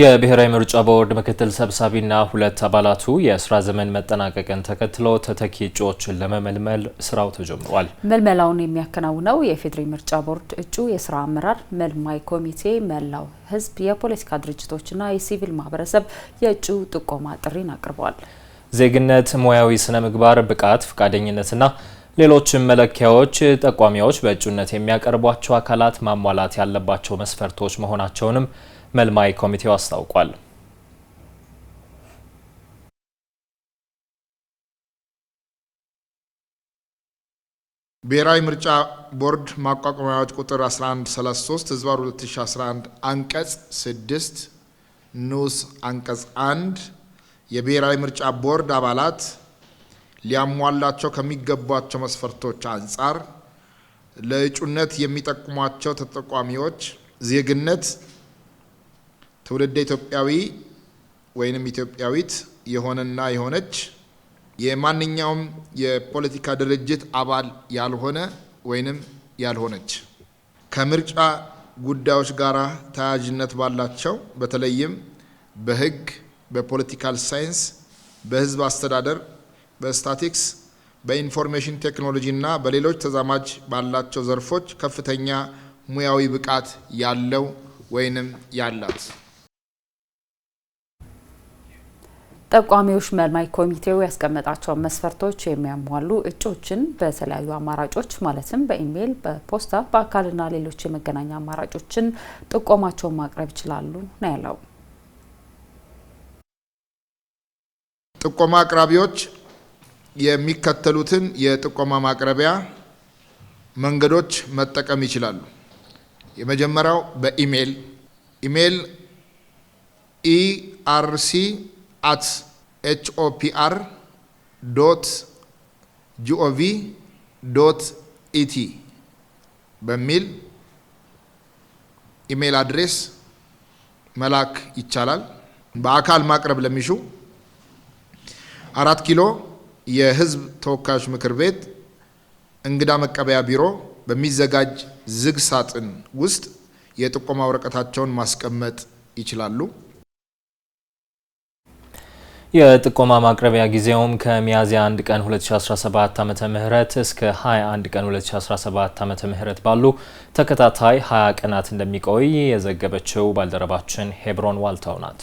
የብሔራዊ ምርጫ ቦርድ ምክትል ሰብሳቢና ሁለት አባላቱ የስራ ዘመን መጠናቀቅን ተከትሎ ተተኪ እጩዎችን ለመመልመል ስራው ተጀምሯል። መልመላውን የሚያከናውነው የፌዴራል ምርጫ ቦርድ እጩ የስራ አመራር መልማይ ኮሚቴ መላው ሕዝብ፣ የፖለቲካ ድርጅቶችና የሲቪል ማህበረሰብ የእጩ ጥቆማ ጥሪን አቅርበዋል። ዜግነት፣ ሙያዊ ስነ ምግባር፣ ብቃት፣ ፈቃደኝነትና ሌሎችም መለኪያዎች ጠቋሚዎች በእጩነት የሚያቀርቧቸው አካላት ማሟላት ያለባቸው መስፈርቶች መሆናቸውንም መልማይ ኮሚቴው አስታውቋል። ብሔራዊ ምርጫ ቦርድ ማቋቋሚያዎች ቁጥር 1133 ህዝባር 2011 አንቀጽ 6 ንዑስ አንቀጽ 1 የብሔራዊ ምርጫ ቦርድ አባላት ሊያሟላቸው ከሚገቧቸው መስፈርቶች አንጻር ለእጩነት የሚጠቁሟቸው ተጠቋሚዎች ዜግነት ትውልደ ኢትዮጵያዊ ወይንም ኢትዮጵያዊት የሆነና የሆነች የማንኛውም የፖለቲካ ድርጅት አባል ያልሆነ ወይንም ያልሆነች ከምርጫ ጉዳዮች ጋር ተያያዥነት ባላቸው በተለይም በሕግ፣ በፖለቲካል ሳይንስ፣ በሕዝብ አስተዳደር፣ በስታቲክስ፣ በኢንፎርሜሽን ቴክኖሎጂ እና በሌሎች ተዛማጅ ባላቸው ዘርፎች ከፍተኛ ሙያዊ ብቃት ያለው ወይንም ያላት ጠቋሚዎች መርማሪ ኮሚቴው ያስቀመጣቸውን መስፈርቶች የሚያሟሉ እጩዎችን በተለያዩ አማራጮች ማለትም በኢሜይል፣ በፖስታ፣ በአካልና ሌሎች የመገናኛ አማራጮችን ጥቆማቸውን ማቅረብ ይችላሉ ነው ያለው። ጥቆማ አቅራቢዎች የሚከተሉትን የጥቆማ ማቅረቢያ መንገዶች መጠቀም ይችላሉ። የመጀመሪያው በኢሜይል ኢሜይል ኢአርሲ e at hopr ዶት ጂኦቪ ዶት ኢቲ በሚል ኢሜይል አድሬስ መላክ ይቻላል። በአካል ማቅረብ ለሚሹ አራት ኪሎ የህዝብ ተወካዮች ምክር ቤት እንግዳ መቀበያ ቢሮ በሚዘጋጅ ዝግ ሳጥን ውስጥ የጥቆማ ወረቀታቸውን ማስቀመጥ ይችላሉ። የጥቆማ ማቅረቢያ ጊዜውም ከሚያዝያ 1 ቀን 2017 ዓ ም እስከ 21 ቀን 2017 ዓ ምህረት ባሉ ተከታታይ 20 ቀናት እንደሚቆይ የዘገበችው ባልደረባችን ሄብሮን ዋልታው ናት።